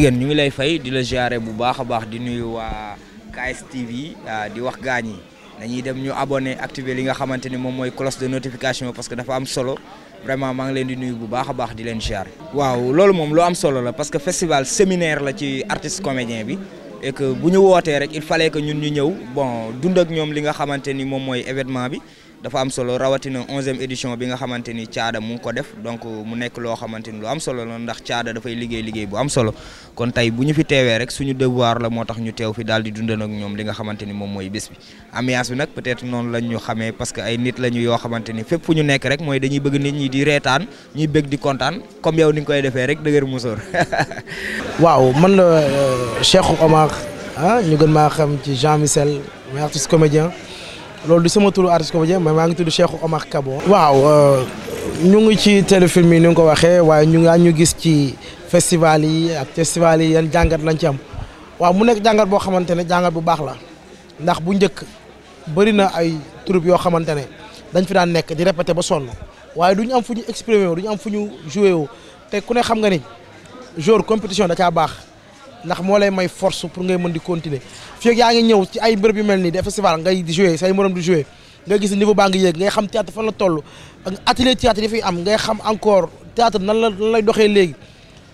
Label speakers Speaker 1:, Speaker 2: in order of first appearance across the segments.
Speaker 1: jigéen ñu ngi lay fay di la ziare bu baax a baax di nuyu waa KSTV ah, di wax gaañ yi dañuy dem ñu abonné activer li nga xamante ni moom mooy cloche de notification parce que dafa am solo vraiment maa ngi leen di nuyu bu baax baax di leen ziare. waaw loolu moom lu am solo la parce que festival séminaire la ci artiste comédien bi et que bu ñu wootee rek il fallait ñun ñu ñëw dund ak ñoom li nga xamante ni moom mooy événement bi. dafa am solo rawatina onzième édition bi nga xamante ni caada mu ngi ko def donc mu nekk loo xamante ni lu am solo la ndax caada dafay liggéey liggéey bu am solo kon tey bu ñu fi teewee rek suñu devoir la moo tax ñu teew fi daal di dundal ak ñoom li nga xamante ni moom mooy bés bi ambiance bi nag peut-être noonu lañ ñu xamee ay nit la ñu yoo xamante ni fépp fu ñu nekk rek mooy dañuy bëgg nit ñi di reetaan ñuy bëgg di kontaan kom yow ni nga koy defee rek dëgër musóor
Speaker 2: waaw man la euh, Cheikh Omar ah ñu gën maa xam ci Jean loolu du sama turu artiste comédien mais maa ngi tudd Cheikh Omar Kabo. waaw euh, ñu ngi ci téléfilm yi ni nga ko waxee waaye ñu ngi ñu gis ci festival yi ak festival yi yan jàngat lañ ci am waaw mu nekk jàngat boo xamante ne jàngat bu baax la ndax bu njëkk bëri na ay troupe yoo xamante ne dañ fi daan nekk di répété ba sonn waaye du ñu am fu ñu exprimé wu du ñu am fu ñu joué wu te ku ne xam nga ni jour compétition da caa baax. ndax moo lay may force pour ngay mën di continuer fii ak yaa ngi ñëw ci ay bërëb yu mel nii de festival ngay di say morom di jouer nga gis niveau baa ngi yéeg ngay xam théâtre fan la toll ak atelier théâtre yi fiy am ngay xam encore théâtre nan la nan lay doxee léegi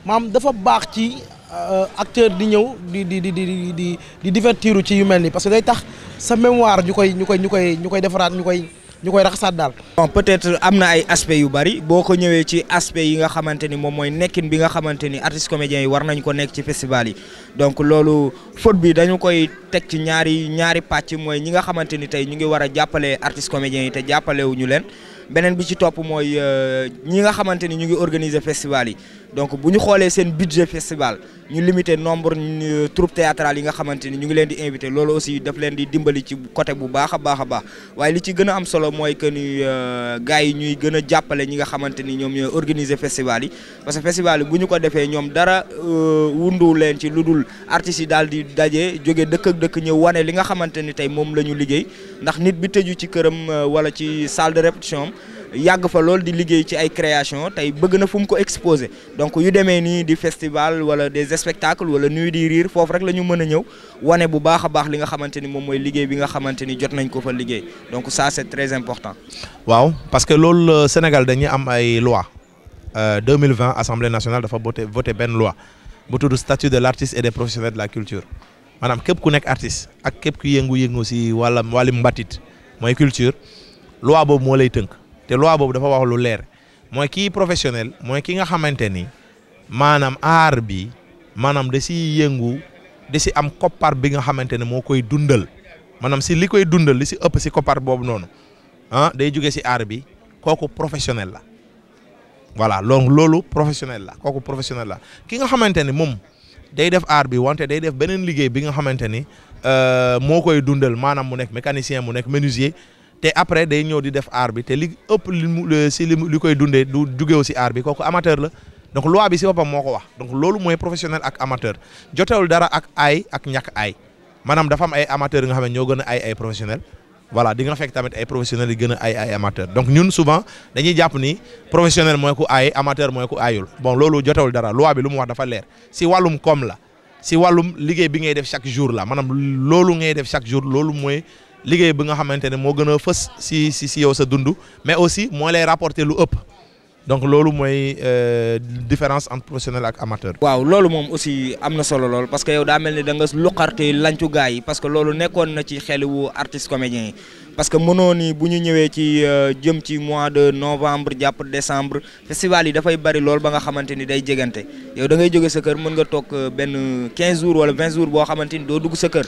Speaker 2: maam dafa baax ci euh, acteur di ñëw di di di di di di divertiru ci yu mel nii parce que day tax sa
Speaker 1: mémoire ñu koy ñu koy ñu koy ñu koy defaraat ñu koy ñu koy raxasaat daal. bon peut-être am na ay aspects yu bari boo ko ñëwee ci aspect yi nga xamante ni moom mooy nekkin bi nga xamante ni artistes comédiens yi war nañ ko nekk ci festival yi donc loolu faute bi dañu koy teg ci ñaari ñaari pàcc mooy ñi nga xamante ni tey ñu ngi war a jàppale artistes comédiens yi te jàppalewuñu leen. beneen bi ci topp mooy euh, ñi nga xamante ni ñu ngi organiser festival yi donc bu ñu xoolee seen budget festival ñu limité nombre euh, troupe théâtrale yi nga xamante ni ñu ngi leen di invité loolu aussi daf leen di dimbali ci côté bu baax a baax a baax waaye li ci gën a am solo mooy que ni euh, gars yi ñuy gën a jàppale ñi nga xamante ni ñoom ñooy organiser festival yi parce que festival yi bu ñu ko defee ñoom dara wundu leen ci lu dul artistes yi daal di daje jóge dëkk dëkk ñëw wane li nga xamante ni tey moom la ñu liggéey ndax nit bi tëju ci këram wala ci salle de répétition yàgg fa lool di liggéey ci ay création tey bëgg na fu mu ko exposé donc yu demee nii di festival wala des spectacles wala nuit di rire foofu rek la ñu mën a ñëw wane bu baax a baax li nga xamante ni moom mooy liggéey bi nga xamante ni jot nañ ko fa liggéey donc ça c'est très important.
Speaker 3: waaw parce que loolu euh, Sénégal dañu am ay loi 2020 euh, assemblée nationale dafa voté voté benn loi bu tudd statut de l'artiste et des professionnels de la culture maanaam képp ku nekk artiste ak képp ku yëngu-yëngu si wàllam wàllum mbatit mooy culture loi boobu moo lay tënk. te loi boobu dafa wax leer mooy kii professionnel mooy ki nga xamante ni maanaam aar bi maanaam da si yëngu da si am koppar bi nga xamante ne moo koy dundal maanaam si li koy dundal li si ëpp si koppar boobu noonu ah day jóge si aar bi kooku professionnel la voilà donc loolu professionnel la kooku professionnel la ki nga xamante ni moom day def aar bi wante day def beneen liggéey bi nga xamante ni euh, moo koy dundal maanaam mu nekk mécanicien mu nekk menuisier te après day ñëw di def aar bi te li ëpp li mu si li li koy dundee du jugeew si aar bi kooku amateur la donc loi bi si boppam moo ko wax donc loolu mooy professionnel ak amateur jotewul dara ak ay ak ñàkk ay maanaam dafa am ay amateur yi nga xam ne ñoo gën a ay ay professionnel voilà di nga fekk tamit ay professionnels yi gën a ay ay amateur donc ñun souvent dañuy jàpp ni professionnel mooy ku ay amateur mooy ku ayul bon loolu jotewul dara loi bi lu mu wax dafa leer si wàllum koom la si wàllum liggéey bi ngay def chaque jour la maanaam loolu ngay chaque jour loolu mooy liggéey bi nga xamante ne moo gën a fës si si si yow sa dund mais aussi moo lay rapporter lu ëpp donc loolu
Speaker 1: mooy euh, différence entre professionnel ak amateur. waaw loolu moom aussi am na solo lool parce que yow daa mel ni da nga luqarte lancu gaa yi parce que loolu nekkoon na ci xeliwu artiste comédien yi. parce que mënoo ni bu ñu ñëwee ci euh, jëm ci mois de novembre jàpp décembre festival yi dafay bari lool ba nga xamante ni day jegante yow da ngay jóge sa kër mën nga toog euh, benn 15 jours wala 20 jours boo xamante ni doo dugg sa kër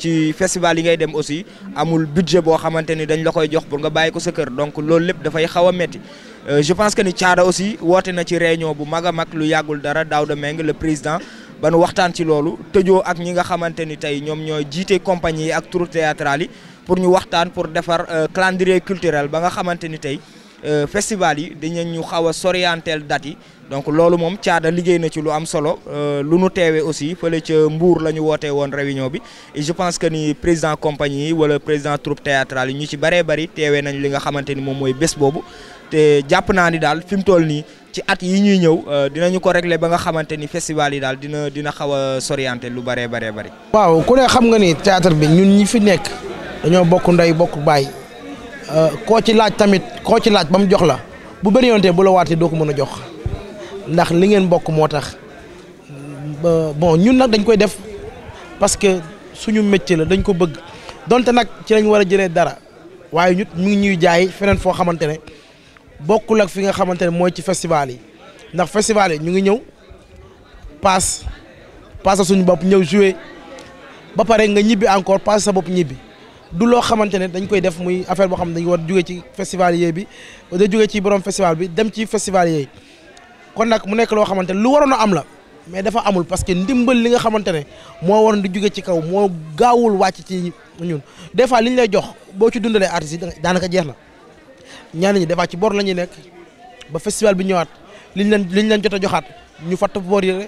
Speaker 1: ci festival yi ngay dem aussi amul budget boo xamante ni dañ la koy jox pour nga bàyyi ko sa kër donc loolu lépp dafay xaw a metti euh, je pense que ni Thiada aussi woote na ci réunion bu mag mag lu yàggul dara daaw Daouda Meng le président ba nu waxtaan ci loolu tëjoo ak ñi nga xamante ni tey ñoom ñooy jiite compagnie ak troupe yi pour ñu waxtaan pour defar euh, calendrier culturel ba nga xamante ni tey euh, festival yi dañu ñu xaw a sorianteel date yi donc loolu moom caada liggéey na ci lu am solo euh, lu nu teewee aussi fële ca Mbour la ñu wootee woon réunion bi je pense que ni président compagnie wala président troupe théâtrale yi ñu ci bëree bëri teewee nañ li nga xamante ni moom mooy bés boobu te jàpp naa ni daal fi mu toll nii ci at yi ñuy ñëw dinañu ko régler ba nga xamante ni festival yi daal dina dina xaw a sorianté lu bëree bëree bëri.
Speaker 2: dañoo bokk ndey bokk baay euh, koo ci laaj tamit koo ci laaj ba mu jox la bu bëri yoonte bu la waatee doo ko mën a jox ndax li ngeen bokk moo tax bon ñun nag dañ koy def parce que suñu métier la dañ ko bëgg donte nag ci lañ war a jëlee dara waaye ñut mu ngi ñuy jaay feneen foo xamante ne bokkul ak fi nga xamante ne mooy ci festival yi ndax festival yi ñu ngi ñëw paas paasa suñu bopp ñëw jouer ba pare nga ñibbi encore paas sa bopp ñibbi. du loo xamante ne dañ koy def muy affaire boo xam ne dañu war jugee ci festival yooyu bi da jóge ci borom festival bi dem ci festival yooyu kon nag mu nekk loo xamante ne lu waroon a am la mais dafa amul parce que ndimbal li nga xamante ne moo waroon di jugee ci kaw moo gaawul wàcc ci ñun des fois li ñu lay jox boo ci dundalee artistes yi daanaka jeex na ñaan ñi des ci bor la ñuy nekk ba festival bi ñëwaat liñ leen liñ leen jot a joxaat ñu fatt bor yi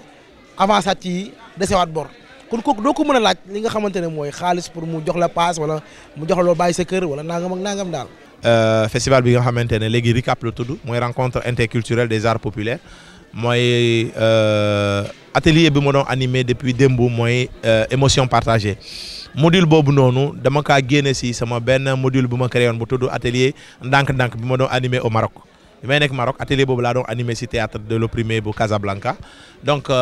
Speaker 2: avançaat ci desewaat bor kon kooku doo ko mën a laaj li nga xamante ne mooy xaalis pour mu jox la paas wala mu jox la loo bàyyi sa kër wala nangam ak nangam daal.
Speaker 3: Euh, festival bi nga xamante ne léegi RICAP la tudd mooy rencontre interculturelle des arts populaires mooy euh, atelier bi ma doon animé depuis démb mooy euh, émotion partager module boobu noonu dama kaa génne si sama benn module bu ma créé bu tudd atelier ndànk-ndànk bi ma doon animé au Maroc bi may nekk Maroc atelier boobu laa doon animé si théâtre de l'opprimé bu Casablanca donc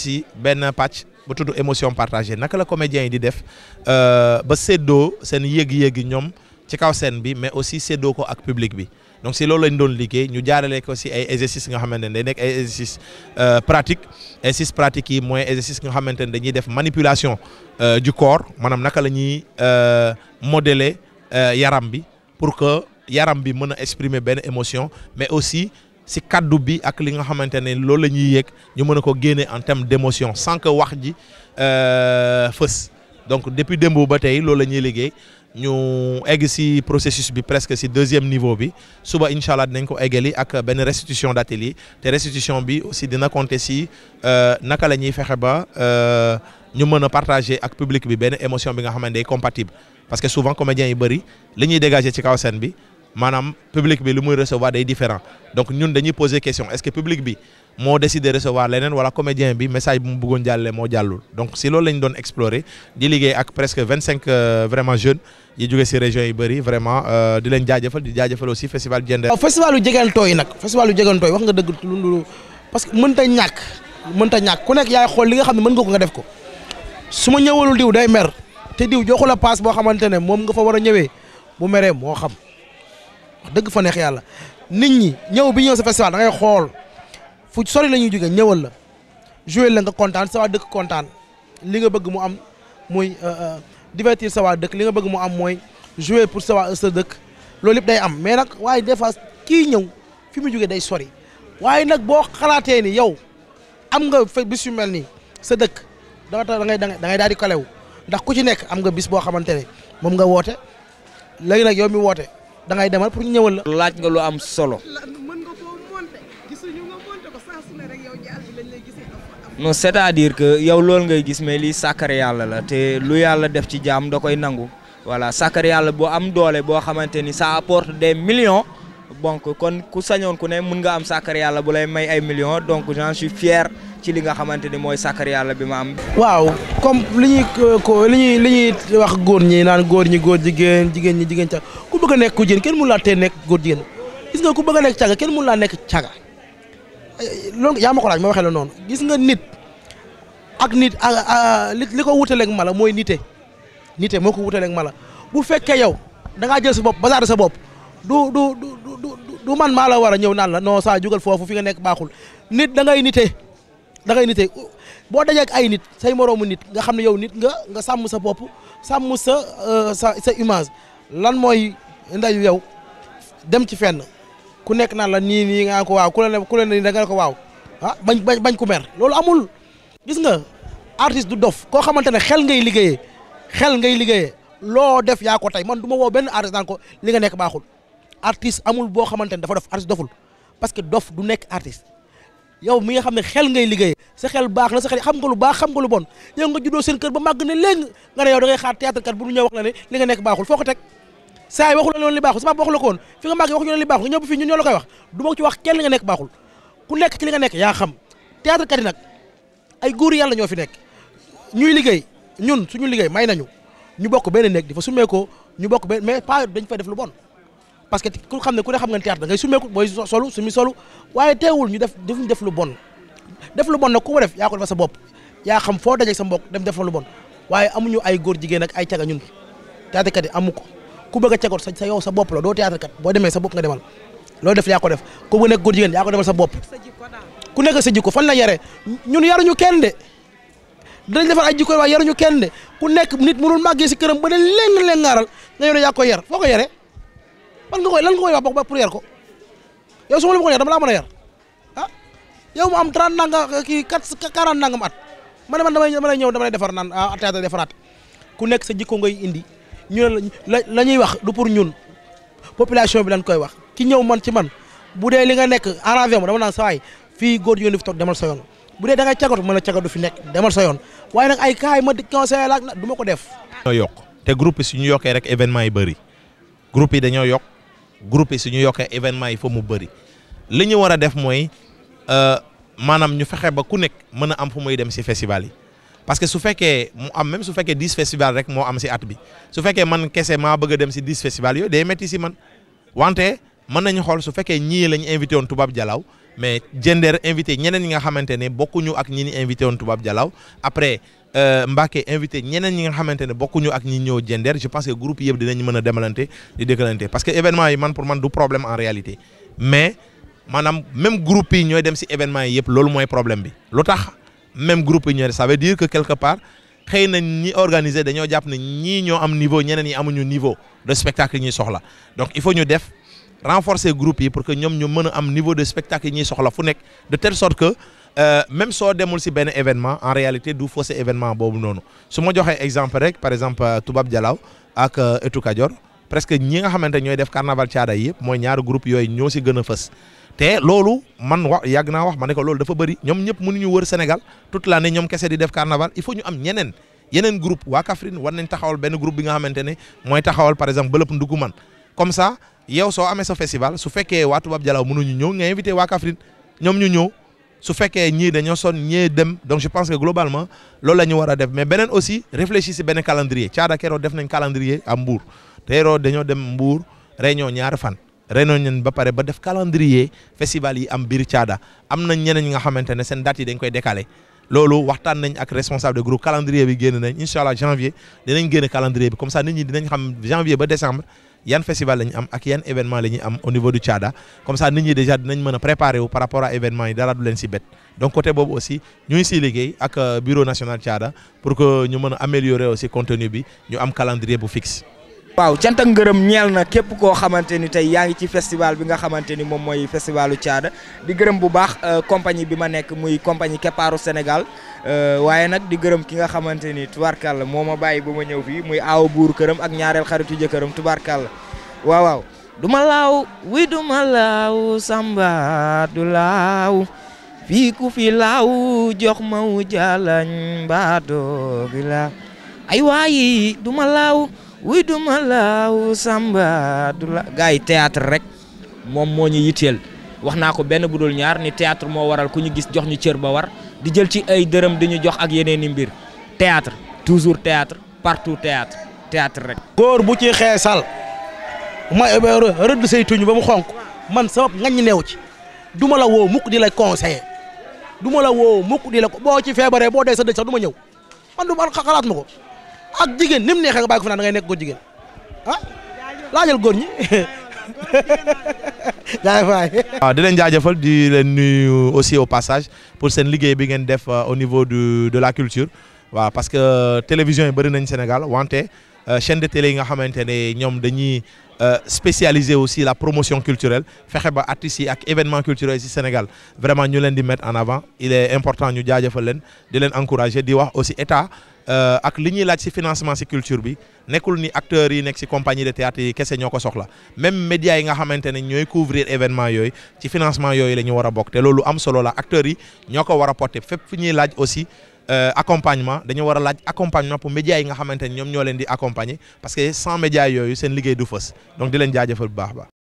Speaker 3: si benn pàcc bu tudd émotion partagée naka la comédiens yi di def euh, ba séddoo seen yéeg-yéegi ñoom ci kaw scène bi mais aussi séddoo ko ak public bi donc si loolu lañ doon liggéey ñu jaarale ko si ay exercices nga xamante ne day nekk ay exercices euh, pratiques exercices pratiques yi mooy exercices nga xamante ne dañuy def manipulation euh, du corps maanaam naka la ñuy modeler yaram bi pour que yaram bi mën a exprimer benn émotion mais aussi si kaddu bi ak li nga xamante ne loolu la ñuy yéeg ñu mën a ko génne en terme d'émotion sans wax ji euh, fës donc depuis démb ba tey loolu la ñuy liggéey ñu egg si processus bi presque si deuxième niveau bi suba incha allah dinañ ko eggali ak benn restitution d'atelier te restitution bi aussi dina compter si euh, naka la ñuy fexe ba euh, ñu mën a partager ak public bi benn émotion bi nga xamante day compatible parce que souvent comédiens yi bëri li ñuy dégager ci kaw scène bi. maanaam public bi lu muy recevoir day différent donc ñun dañuy poser question est-ce que public bi moo décidé recevoir leneen wala comédien bi message bu mu bëggoon jàllale moo jàllul donc si loolu la ñu doon explorer di liggéey ak presque vingt cinq euh, vraiment jeunes yi jóge si région yi bëri vraiment euh, di leen jaajafal di jaajëfal aussi festival Diender. waaw festivalu
Speaker 2: Jegantoo yi nag festivalu Jegantoo yi wax nga dëgg lu parce que mënta ñàkk mënta ñàkk ku nekk yaay xool li nga xam ne mën nga ko nga ko su ma ñëwalul diw day mer te diw joxu la paas boo xamante ne moom nga fa war a ñëwee bu meree moo xam. wax dëgg fa neex yàlla nit ñi ñëw bi ñëw sa festival da ngay xool fu sori la ñuy jógee ñëwal la joué la nga kontaan sa waa dëkk kontaan li nga bëgg mu am mooy euh, euh, divertir sa waa dëkk li nga bëgg mu am mooy jouer pour sa sa dëkk loolu yëpp day am mais nag waaye des fois kii ñëw fi mu jógee day sori waaye nag boo xalaatee ni yow am nga fa bis yu mel nii sa dëkk da ngay da ngay daal di kalewu ndax ku ci nekk am nga bis boo xamante ne moom nga woote léegi nag yow mi woote. da ngay demal pour ñu ñëwal la. laaj nga lu am solo.
Speaker 1: non c'est-à-dire que yow loolu ngay gis mais lii sàkkar yàlla la te lu yàlla def ci jaam da koy nangu wala sàkkar yàlla boo am doole boo xamante ni ça apporte des million donc kon ku sañoon ku ne mun nga am sàkkar yàlla bu lay may ay millions donc j'en suis fier ci li nga xamante ni mooy sàkkar yàlla bi ma am.
Speaker 2: waaw comme li ñuy ko li ñuy li ñuy wax góor ñi naan góor ñi góor jigéen jigéen ñi jigéen caga ku bëgg a nekk ku jigéen kenn mënu laa tee nekk góor jigéen gis nga ku bëgg a nekk caga kenn mënu laa nekk caga loolu yaa ma ko laaj noonu gis nga nit ak nit li ko wutaleeg mala mooy nite nite moo ko wutaleeg mala bu fekkee yow da jël sa bopp basaare sa bopp du man maa la war a ñëw naan la noo saa jugal foofu fi nga nekk baaxul nit da ngay nite da ngay nite boo dajee ay nit say moroomu nit nga xam ne yow nit nga nga sàmm sa bopp sàmm sa euh, sa sa image lan mooy ndayu yow dem ci fenn ku nekk naan la nii nii nga ko waaw ku la ne ku nga ko waaw ah bañ bañ bañ ku mer loolu amul gis nga artiste du dof koo xamante ne xel ngay liggéeyee xel ngay liggéeyee loo def yaa ko tey man du ma woo benn artiste daan ko li nga nekk baaxul artiste amul boo xamante ne dafa dof artiste doful parce que dof du nekk artiste yow mi nga xam ne xel ngay liggéey sa xel baax na sa xel xam nga lu baax xam nga lu bon yow nga juddoo seen kër ba màgg ne léegi nga la ne li nga nekk baaxul foo ko teg saa yi waxu la woon li baaxul sa papa waxu la ko woon fi nga màgg waxu ñu ne li baaxul nga ñëw ba fii ñun ñoo la koy wax du ma ci wax kenn li nga nekk baaxul ku nekk ci li nga nekk yaa xam théâtre kat nag ay góor yàlla ñoo fi nekk ñuy liggéey ñun suñu liggéey may nañu ñu bokk benn nekk di fa sumee ko ñu bokk benn mais pas dañ fay def lu bon parce que ku xam ne ku ne xam nga ne théâtre da ngay sumeeku booy solu sumi solu waaye teewul ñu def defuñ def lu bon def lu bon nag ku ko def yaa ko defal sa bopp yaa xam foo dajeeg sa mbokk dem defal lu waaye amuñu ay góor jigéen ak ay caga ñun théâtre kat yi amu ko ku bëgg a cagoot sa yow sa bopp la doo théâtre kat boo demee sa bopp nga demal loolu def yaa ko def ku bëgg nekk góor jigéen yaa ko demal sa bopp ku nekk sa jikko fan la yare ñun yaruñu kenn de dinañ defar ay jikko waaye yaruñu kenn de ku nekk nit mënul màggee si këram ba ne leen leen ngaaral nga yore yaa ko yar foo ko yare man nga koy lan nga koy wax ba pour yar ko yow su ma la bëggoon dama laa mën a yar ah yow mu am 30 nanga kii 4 40 nangam at ma ne man damay damay ñëw damay defar naan ah théâtre defaraat ku nekk sa jikkoo ngay indi ñu ne la la ñuy wax du pour ñun population bi lañ koy wax ki ñëw man ci man bu dee li nga nekk arrangé ma dama naan sa waay fii góor yoon fi toog demal sa yoon bu dee da ngay cagatu mën a cagatu fi nekk demal sa yoon waaye nag ay kaay ma conseillé laak du ma ko def.
Speaker 3: yokk te groupe su ñu yokkee rek événement yi bëri groupe yi dañoo yokk groupe yi su ñu yokkee événement yi fa mu bëri li ñu war a def mooy euh, maanaam ñu fexe ba ku nekk mën a am fu muy dem si festival yi parce que su fekkee mu am même su fekkee dix festival rek moo am si at bi su fekkee man kese maa bëgg a dem si dix festival yooyu day métti si man wante mën nañu xool su fekkee ñii lañu invité on tubaab jalaw mais Diender invité ñeneen ñi nga xamante ne bokkuñu ak ñi ni invité woon tubaab jalaw après Euh, Mbacke invité ñeneen ñi nga xamante ne bokkuñu ak ñi ñëw Diender je pense que groupe yëpp dinañ mën a demalante di dëkkalante parce que événement yi man pour man du problème en réalité mais maanaam même group yi ñooy dem si événement yi yëpp loolu mooy problème bi lu tax même groupe yi ñooy dem ça veut dire que quelque part xëy ñi organiser dañoo jàpp ne ñii ñoo am niveau ñeneen ñi amuñu niveau de spectacle yi ñuy soxla donc il faut ñu def renforcer groupe yi pour que ñoom ñu mën am niveau de spectacle yi ñuy soxla fu nekk de telle Euh, même soo demul si benn événement en réalité du fausse événement boobu noonu su ma joxee exemple rek par exemple euh, Toubab Dialaw ak euh, Etu Kajoor presque ñi nga xamante ñooy def carnaval caada yi yëpp mooy ñaar groupe yooyu ñoo si gën a fës te loolu man wax yàgg naa wax ma ne ko loolu dafa bëri ñoom ñëpp mënuñu wër Sénégal la ne ñoom kese di def carnaval il faut ñu am ñeneen yeneen groupe waa Kaffrine war nañ taxawal benn groupe bi nga xamante ne mooy taxawal par exemple bëlëb man comme ça yow soo amee sa festival su fekkee waa Toubab Dialaw mënuñu ñëw nga invité waa Kaffrine ñoom ñu ñëw su fekkee ñii dañoo son ñee dem donc je pense que globalement loolu la ñu war a def mais beneen aussi réfléchir si benn calendrier caada keroo def nañ calendrier à Mbour teeroo dañoo dem Mbour réunion ñaari fan réunion ñen ba pare ba def calendrier festival yi am biir caada am nañ ñeneen ñi nga xamante ne seen date yi dañ koy décaler loolu waxtaan nañ ak responsable de groupe calendrier bi génn nañ incha janvier dinañ génn calendrier bi comme ça nit ñi dinañ xam janvier ba décembre yan festival la ñu am ak yan événement la ñuy am au niveau du Tchada comme ça nit ñi déjà dinañ mën a préparer wu par rapport à événement yi dara du leen si bett donc côté boobu aussi ñu ngi siy liggéey ak euh, bureau national Tchada pour que ñu mën a aussi contenu bi ñu am calendrier bu fixe
Speaker 1: waaw cant ak ngërëm ñeel na képp koo xamante ni tey yaa ngi ci festival bi nga xamante ni moom mooy festivalu caada di gërëm bu baax euh, compagnie bi ma nekk muy compagnie keppaaru Sénégal euh, waaye nag di gërëm ki nga xamante ni tubaarkàlla moo ma bàyyi ba ma ñëw fii muy aw buur këram ak ñaareel xaritu jëkkëram tubaarkàlla waaw waaw duma laaw wi duma laaw samba du laaw fii ku fi laaw jox maw jalañ mbaa doo fi ay waayi duma laaw wuy duma laaw samba du la gars yi théâtre rek moom moo ñu yitteel wax naa ko benn bu dul ñaar ni théâtre moo waral ku ñu gis jox ñu cër ba war di jël ci ay dërëm di ñu jox ak yeneen i mbir théâtre toujours théâtre partout théâtre théâtre rek. góor
Speaker 2: bu ci xeesal ma eh, rëdd say tuñ ba mu xonk man sabab ngañ neew ci du ma la woo mukk di la conseil du ma la woo mukk di la ko boo ci feebaree boo dee sa dëj sax du ma ñëw man du ma xalaat ma ak jigéen ni mu neexee nga bàyyi ko fi nekk ko jigéen ah laajal góor ñi waaw
Speaker 3: ah, di leen jaajëfal di leen nuyu aussi au passage pour seen liggéey bi ngeen def euh, au niveau du de la culture waaw parce que euh, télévision yi bëri nañ Sénégal wante euh, chaîne de télé yi nga xamante ne ñoom dañuy spécialisé aussi la promotion culturelle fexe ba artistes ak événement culturel ci Sénégal vraiment ñu leen di mettre en avant il est important ñu jaajëfal leen di leen encourager di wax aussi état Euh, ak li ñuy laaj si financement ci culture bi nekkul ni acteur yi nekk si compagnie de théâtre yi kese ñoo ko soxla même médias yi nga xamante ne ñooy couvrir événement yooyu ci financement yooyu la ñu war a bokk te loolu am solo la acteurs yi ñoo ko war a porter fépp fu ñuy laaj aussi euh, accompagnement dañu war a laaj accompagnement pour médias yi nga xamante ne ñoom ñoo leen di accompagner parce que sans médias yooyu seen liggéey du fës donc di leen jaajëfal bu baax ba